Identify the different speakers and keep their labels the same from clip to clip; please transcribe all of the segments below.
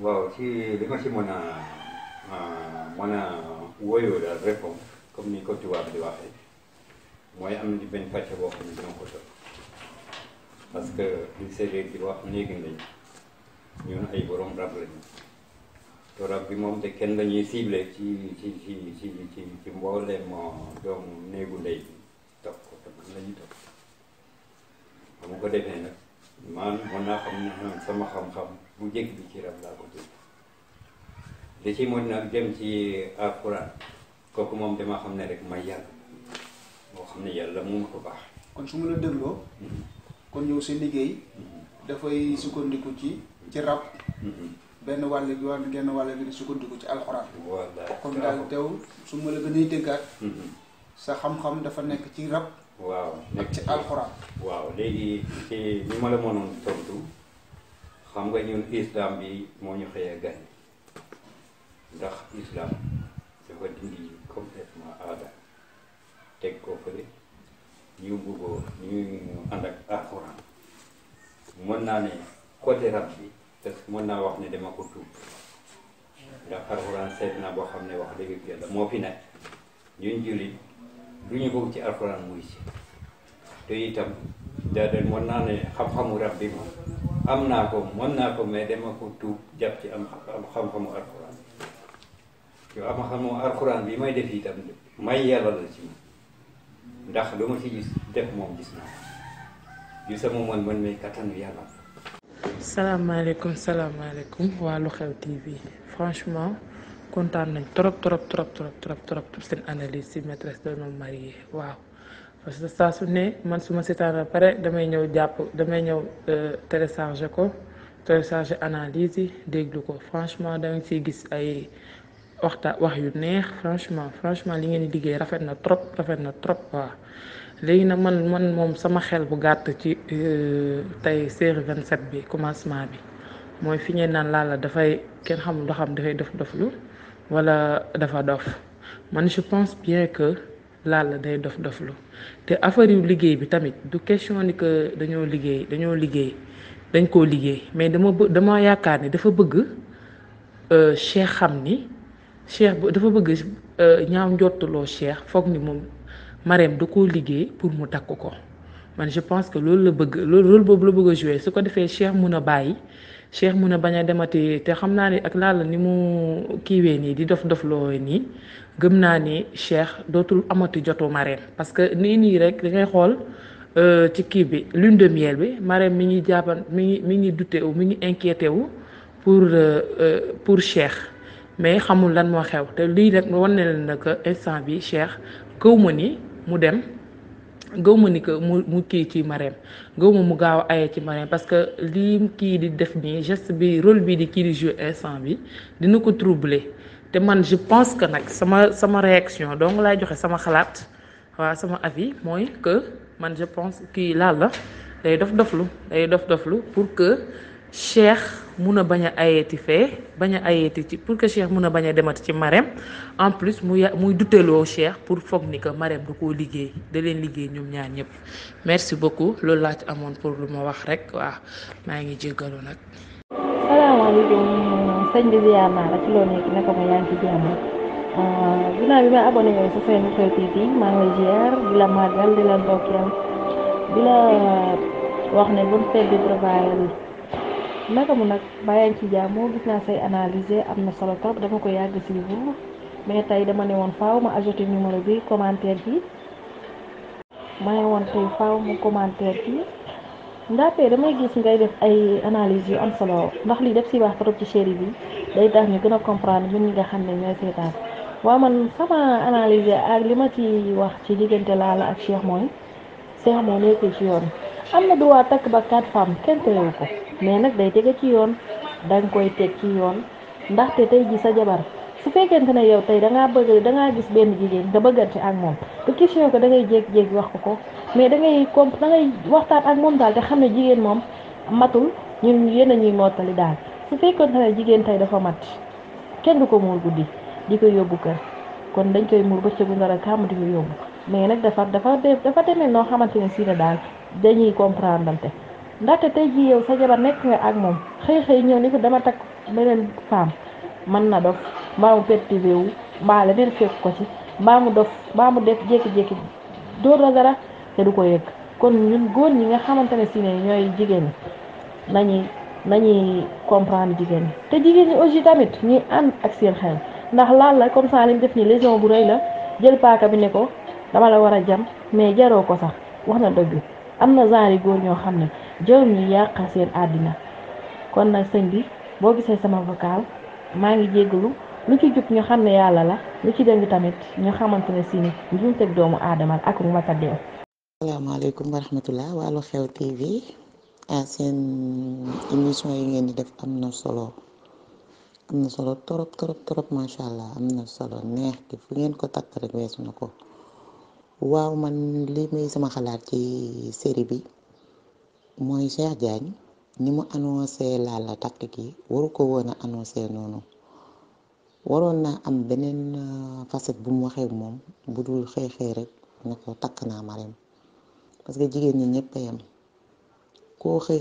Speaker 1: waaw ci li ma ci mën a mën a wóyoo daal réforme comme ni ko tubaab di waxee mooy am na benn pàcc boo xam ne ko tëb parce que li séeréer di wax néegi lañ ñun ay borom rab lañu te rab bi moom te kenn lañuy ciblé ci ci ci ci ci mboole mbooleem doomu néegu ndey bi topp ko te man lañu topp ba mu ko defee man mën naa xam ne sama xam bu njëkk bi ci rab laa ko tudd li ci mujj nag dem ci alxuraan kooku moom dama xam ne rek may yàlla moo xam ne yàlla mu ma ko baax kon su ma la dégloo mhm. kon yow sa liggéey mhm. dafay sukkandiku ci ci rab mhm. benn wàll bi war genn wàll bi sukkandiku ci alxuraan kon daal teew su ma la gën a déggaat sa xam-xam dafa nekk ci rab waaw nekk ci alxuraan waaw léegi ci li ma la mënoon tontu xam nga ñun islam bi moo ñu xëyee gan ndax islam dafa dindi complètement aada teg ko fële ñu bëggoo ñu ànd ak alxuraan mën naa ne côté rab bi parce mën naa wax ni dama ko tuub ndax alxuraan seet naa boo xam ne wax dëgg yàlla moo fi nekk ñu jullit lu ñu bëgg ci alxuraan muy si te itam daa mën naa ne xam-xamu rab bi moom am naa ko mën naa ko mais dama ko tuub jàpp ci am xam-xamu alxuraan yow am xamu alxuraan bi may def itam may yàlla la ci ndax lu ci gis def moom gis naa yu sama mën mën may kattanu yàlla
Speaker 2: salaamaaleykum salaamaaleykum waa Lu Xew TV franchement kontaan nañ trop trop trop trop trop trop seen analyse ci maîtresse d'un homme marié waaw parce que saa su ne man su ma seetaan ba pare damay ñëw jàpp damay ñëw euh, téléchargé ko téléchargé analyse yi déglu ko franchement da nga ciy gis ay waxta wax yu neex franchement franchement li ngeen di liggéey rafet na trop rafet na trop waaw léegi nag man man moom sama xel bu gàtt ci euh, tey vingt 27 bi commencement bi mooy fi ñeen naan laala dafay kenn xamul loo dafay dof doflu wala dafa dof man je pense bien que laal la day dof doflu. te affaire yu liggéey bi tamit du question ni que dañoo liggéey dañoo liggéey dañ koo liggéey mais dama bë dama yaakaar ni dafa bëgg euh, Cheikh xam ni Cheikh dafa bëgg euh, ñaaw njottuloo Cheikh foog ni moom Marème da koo liggéey pour mu takk ko man je pense que loolu la bëgg loolu boobu la bëgg a su ko defee Cheikh mun a bàyyi Cheikh mun a bañ a demati te xam naa ni ak laala ni mu kiiwee nii di dof loo nii gëm naa ni Cheikh dootul amati jotu Marème parce que nii nii rek da ngay xool euh, ci kii bi lune de miel bi Marème mi ngi jàppan mi ngi mi ngi douté wu mi ngi inquiété wu pour euh, euh, pour Cheikh mais xamul lan moo xew te lii rek wan ne leen ne que instant bi Cheikh gëw ma ni mu dem. gëw ma ni que mu mu kii ci Marème gëw ma mu gaaw a aye ci Marème parce que lii kii di def nii geste bi rôle bii di kii di jouer instant bi dina ko troubler te man je pense que nag sama sama réaction doo donc laay joxe sama xalaat waa sama avis mooy que man je pense kii laal la day dof doflu day dof doflu pour que cheikh mun a bañ a ayeeti fee bañ a ayeeti pour que cheikh mun a bañ a demati ci marem en plus muy muy duteloo cheikh pour foog ni que marem da koo liggéey da leen liggéey ñoom ñaar ñëpp merci beaucoup loolu laa ci amoon pour lu ma wax rek waaw maa ngi jéggalu nag.
Speaker 3: salaamaaleykum sëñ bi naa la ci loo nekk naka euh, ma yaa maa ngi ziar di la màggal di la ndokkeel di la wax ne bu ñu naka mu nag bàyyi ci moo gis naa say analyser am na solo trop dama ko yàgg si bu mais tey dama ne woon faaw ma ajouté numéro bi commentaire bi ma ne woon tey faaw mu commentaire bi ndaxte damay gis ngay def ay analyse yu am solo ndax li def si wax trop ci série bi day tax ñu gën a comprendre ñun ñi nga xam ne ñooy seetaan waaw man sama analyse ak li ma ci wax ci diggante laala ak Cheikh mooy Cheikh moo nekkul ci yoon am na droit takk ba quatre femmes kenn terewu ko. mais nag day tege ci yoon danga koy teg ci yoon ndaxte tey ji sa jabar su fekkente ne yow tey dangaa bëgg dangaa gis benn jigéen nga bëggante ak moom te da ngay jéeg-jéeg wax ko ko mais da ngay comp da ngay waxtaan ak moom daal te xam ne jigéen moom matul ñun yéen a ñuy mottali daal su fekkente ne jigéen tey dafa mat kenn du ko muur guddi di ko yóbbu kër kon dañ koy muur bëccëgu ndara kàmm di ko yóbbu mais nag dafa dafa dafa demee noo xamante ne si daal dañuy comprendre ante ndaxte tey jii yow sa jabar nekk nga ak moom xëy xëy ñëw ni ko dama takk beneen femme mën na dof mbaa mu perturbé wu mbaa leneen fekk ko ci mbaa mu dof mbaa mu def jékki-jékki dóor la dara te du ko yëg kon ñun góor ñi nga xamante ne si ne ñooy jigéen ñi nañuy nañuy comprendre jigéen ñi te jigéen ñi aussi tamit ñuy ànd ak seen xel ndax laal la comme ça lim def ni lésion bu rëy la jël paaka bi ne ko dama la war a jam mais jaroo ko sax wax na dëgg am na genre góor ñoo xam ne. jël ñu yàqal seen àddina kon nag sëñ bi boo gisee sama vocal maa ngi jégalu lu ci jub ñu xam ne yàlla la lu ci dëng tamit ñu xamante si ni njuumteg doomu aadama ak mu ma tàddee.
Speaker 4: asalaamaaleykum wa rahmatulah wàllu xew TV ah, seen émission yi ngeen di def am na solo am na solo trop trop trop macha allah am na solo neex ki fu ngeen ko takk rek weesu na ko waaw man li muy sama xalaat ci série bi. mooy Cheikh Diagne ni mu annoncé laal takk tactique yi ko woon a annoncé noonu waroon naa am beneen euh, facette bu mu waxee moom bu dul xëy-xëy rek ne ko takk naa Marème parce que jigéen ñi ñëpp a koo xëy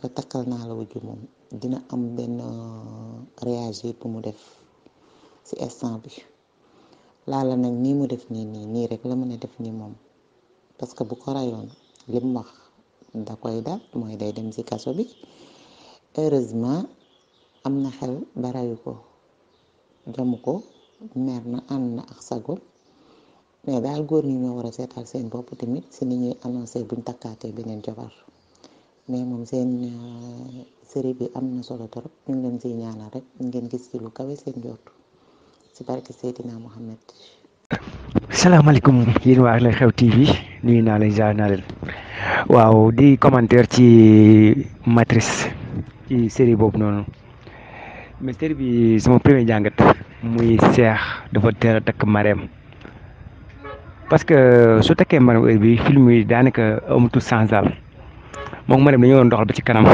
Speaker 4: ko takkal naa la wujju moom dina am benn euh, réagir bu mu def ci instant bi laala nag nii mu def nii nii nii rek la mën def nii moom parce que bu ko rayoon lim wax da koy dal mooy day dem ci kaso bi heureusement am na xel ba ko jamu ko mer na ànd na ak sago mais daal góor ñi ñoo war a seetal seen bopp tamit si ni ñuy annoncé buñ takkaatee beneen jabar mais moom seen euh, série bi am na solo torop ñu ngi leen siy ñaanal rek ngeen gis ci lu kawe seen jortu si barke Seydina Mohamed.
Speaker 5: salaamaaleykum yéen waa Lu Xew TV nuyu naa leen jaar naa leen. waaw di commentaire ci matrice ci série boobu noonu mais série bi sama premier jàngat muy seex dafa teer a takk mareem parce que su takkee mareem bi film yi daanaka amatul sens daal moom mareem dañoo doon doxal ba ci kanam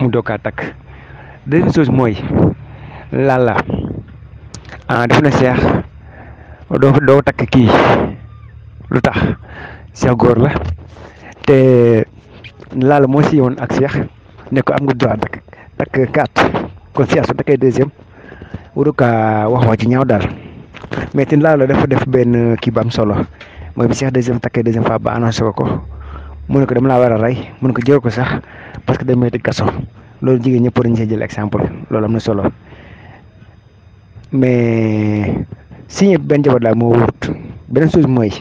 Speaker 5: mu dookaa takk deuxième mooy Lalla ah def na seex doo takk kii lu tax seex góor la te laala moo si woon ak Cheikh nekk am nga droit takk takk carte kon Cheikh su takkee deuxième waru kaa wax wax ci ñaaw daal mais te laala dafa def benn kii ba am solo mooy bi Cheikh deuxième takkee deuxième fois ba annoncé ko ko mu ko dama laa war a rey mu ne ko jël ko sax parce que dañ may tëj kaso loolu jigéen ñëpp dañ see jël exemple loolu am na solo mais si ñëpp benn jabar daal moo wut beneen mooy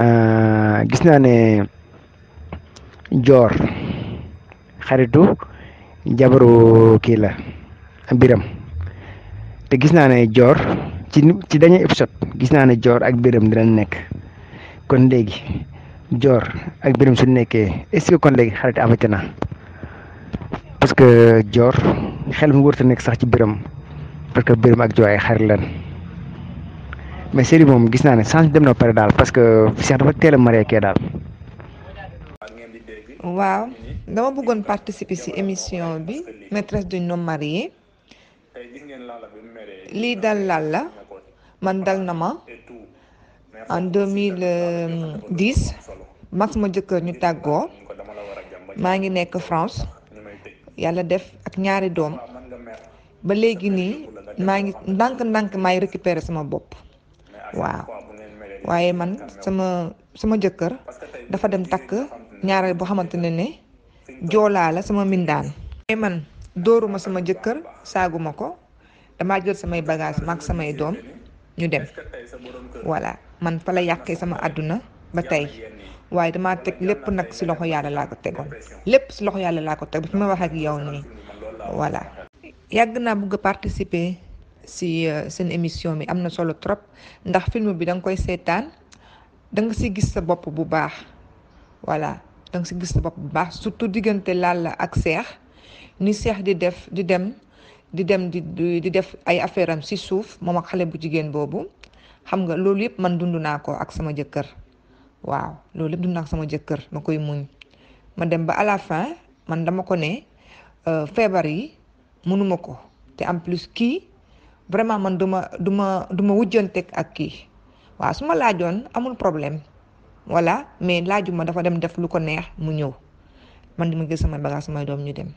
Speaker 5: euh, gis naa ne. joor xaritu jabaru kii la biram te gis naa ne joor ci ci dañuy épisode gis naa ne joor ak biram dinañ nekk kon léegi joor ak biram su nekkee est-ce que kon léegi xarit amati na parce que joor xel mu wërta nekk sax ci biram parce que biram ak joor ay xarit lan mais série moom gis naa ne change dem na pare daal parce que Cheikh dafa teel a marié kee daal
Speaker 6: waaw dama bëggoon participer ci émission bi maîtresse d'un homme marié lii dal lal la man dal na ma en 2010 max ma jëkkër ñu tàggoo maa ngi nekk France yàlla def ak ñaari doom ba léegi nii maa ngi ndànk ndànk maay récupérer sama bopp waaw waaye man sama sama jëkkër dafa dem takk ñaareel boo xamante ne ne joolaa la sama mbindaan man dóoruma sama jëkkër saaguma ko damaa jël samay bagage maag samay doom ñu dem voilà man fa la yàqee sama àdduna ba tey waaye damaa teg lépp nag si loxo yàlla laa ko tegoon lépp si loxo yàlla laa ko teg ba fi ma waxeeg ak yow nii voilà yàgg naa bëgg a participer si euh, seen émission bi am na solo trop ndax film bi danga koy seetaan da nga si gis sa bopp bu baax voilà danga si gis sa bopp bu baax surtout diggante laal la ak Seex ni Seex di def di dem di dem di di def ay affaire am si suuf moom ak xale bu jigéen boobu xam nga loolu yëpp man dund naa ko ak sama jëkkër waaw loolu yëpp dund sama jëkkër ma koy muñ ma dem ba à la fin man dama ko ne euh, feebar yi mënuma ko te en plus kii vraiment man duma duma duma wujjanteeg ak kii waaw su ma laajoon amul problème voilà mais laajuma dafa dem def lu ko neex mu ñëw man di ma gis sama bagage samay doom ñu dem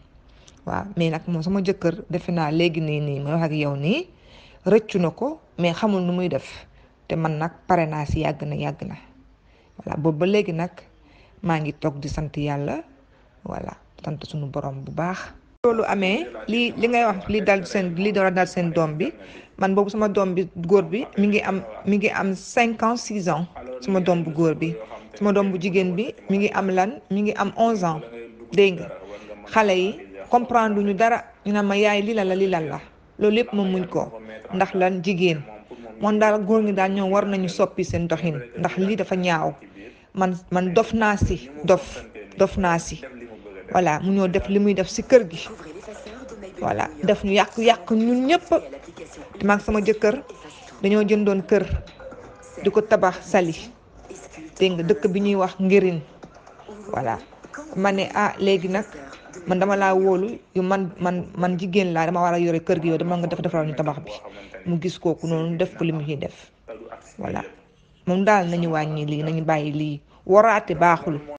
Speaker 6: waaw mais nag moom sama jëkkër defe naa léegi nii nii ma wax ak yow nii rëccu na ko mais xamul nu muy def te man nag pare naa si yàgg na yàgg na voilà boobu ba léegi nag maa ngi toog di sant yàlla voilà sant suñu borom bu baax. loolu amee li li ngay wax li dal seen li doon dal seen doom bi man boobu sama doom bi góor bi mi ngi am mi ngi am cinq ans suma ans doom bu góor bi suma doom bu jigéen bi mi ngi am lan mi ngi am onze ans dégg nga xale yi comprendre ñu dara ñu naan ma yaay lii la la li la la loolu yëpp ma muñ ko ndax lan jigéen moom daal góor ñi daal ñoom war nañu soppi seen doxin ndax lii dafa ñaaw man man dof naa si dof dof naa si voilà mu ñoo def li muy def si kër gi voilà def ñu yàq yàq ñun ñëpp maag sama jëkkër dañoo jëndoon kër di ko tabax sali dégg nga dëkk bi ñuy wax ngërin voilà ma ne ah léegi nag man dama laa wóolu yu man man man jigéen laa dama war a yore kër gi yow dama nga def defaral ñu tabax bi mu gis kooku noonu def ko li mu ciy def voilà moom daal nañu wàññi lii nañu bàyyi lii waraate baaxul